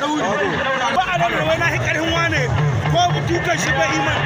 yau dauri ba a da wai na hi karhin wane ko dukan shi ba iman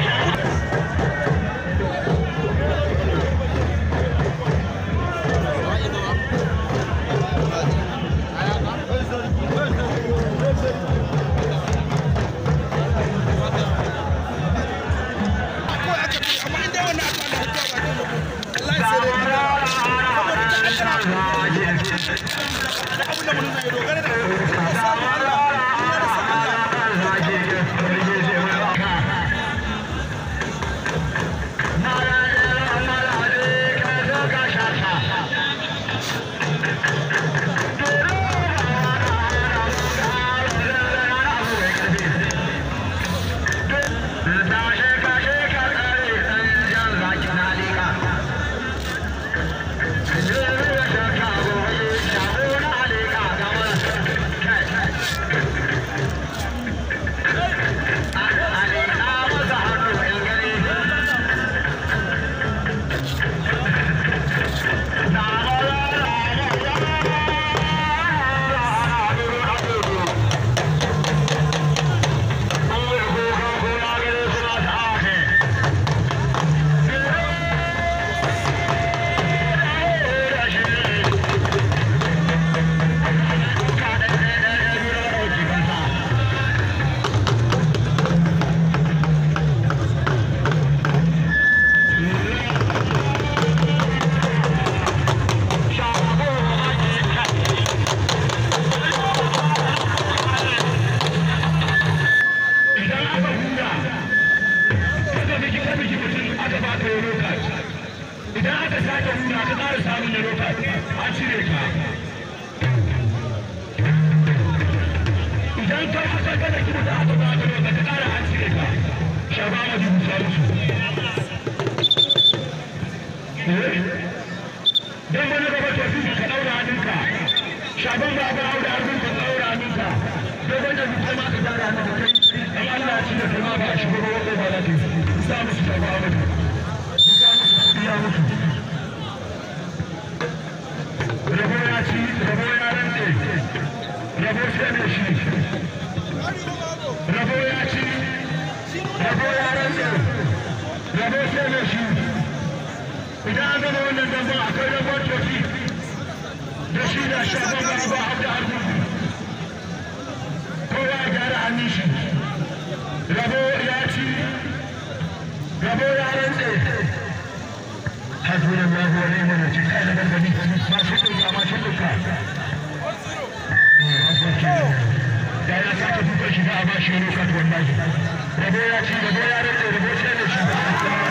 don wani gaba to su ka daura hannunka shagon ba ka daura hannunka daura hannunka dogon da zuwa ma ka daura hannunka kai in Allah shi da kuma ba shi gobe wanda ba lafi sa musu ta ba mutu sa musu ta mutu rabo ya ci rabo ya rande rabo sai ne shi idan an gama wannan damban akwai damban tofi da shi da shafan garba abda alkuku kowa ya gyara hannun shi rabo ya ci rabo ya rantse hasbun Allah wa ni'mal wakil kai da gargadi ma shi duka ma shi duka da ya sake duka shiga a bashi lokaci wannan. rabo ya ci rabo ya rantse rabo sai ne shi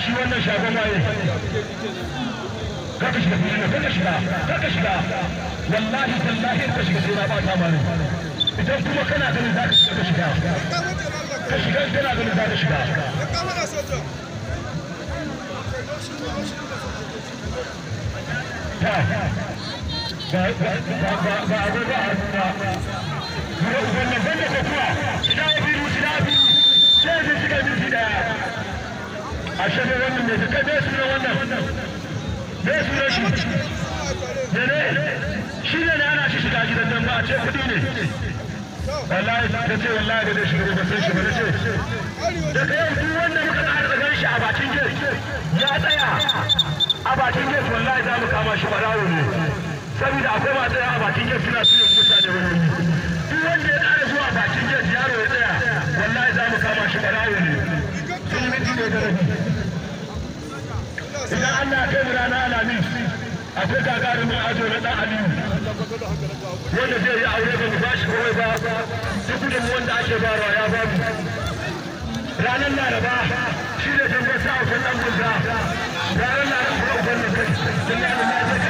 shi wannan shagon waye kaka shiga filin kaka shiga shiga wallahi tallahi shiga sai na ba ta mare idan kuma kana ganin za ka shiga ka shiga ka shiga ganin za ka shiga ta me suna wannan me suna shi ne ana shi shiga gidan nan ba ne da ba ce daga yau duk wanda muka tsara da a bakin ya tsaya a bakin kama shi akwai masu a bakin gate suna wani duk wanda ya tsara zuwa bakin gate yaro ya tsaya kama shi da idan na kai mu rana alamis akwai gagarumin ajo na dan aliyu wanda zai yi aure ba mu ba shi kawai ba duk gudun wanda ake barwa ya ba mu ranar laraba shi ne tambar sa a kan dan ranar laraba kuma wannan kai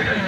Yeah.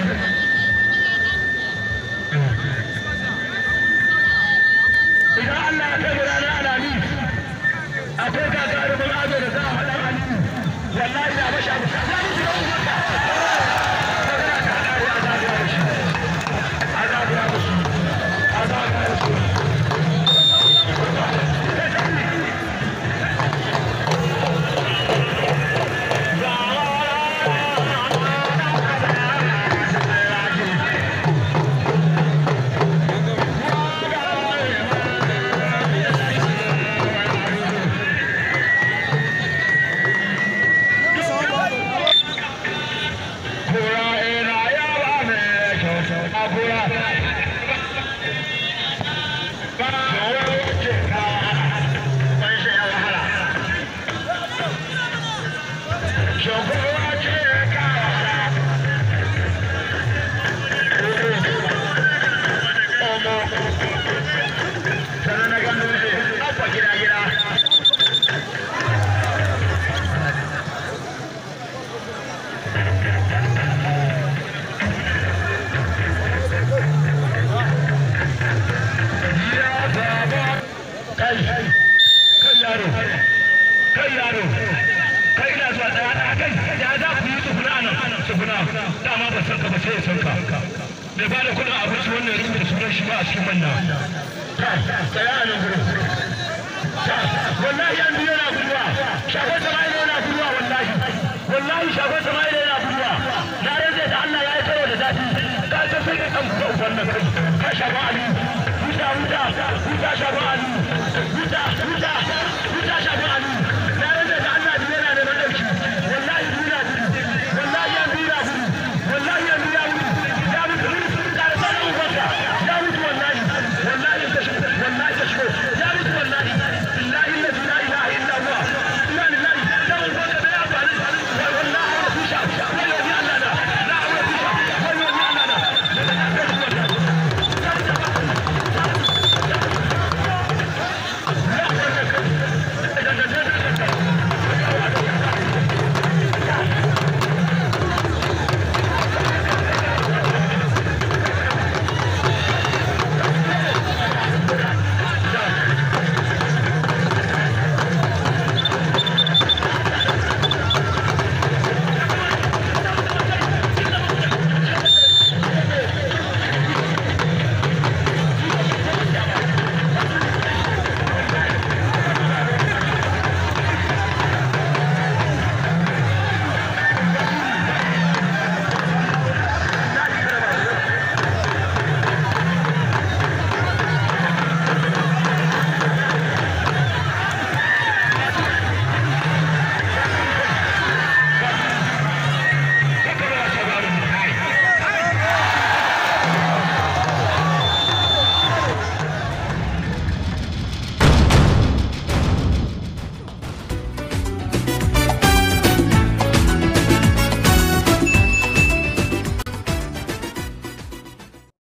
kai yaro kai ina zuwa ɗaya ɗaya kai ya za ku yi tsuguna nan tsuguna dama ba san ka ba sai ya san ka mai ba da kuɗin abinci wannan rikin da sunan shi ba a cikin manna tsaya a nan gurin wallahi an biyo na guduwa shagon sama'i ne guduwa wallahi wallahi shagon sama'i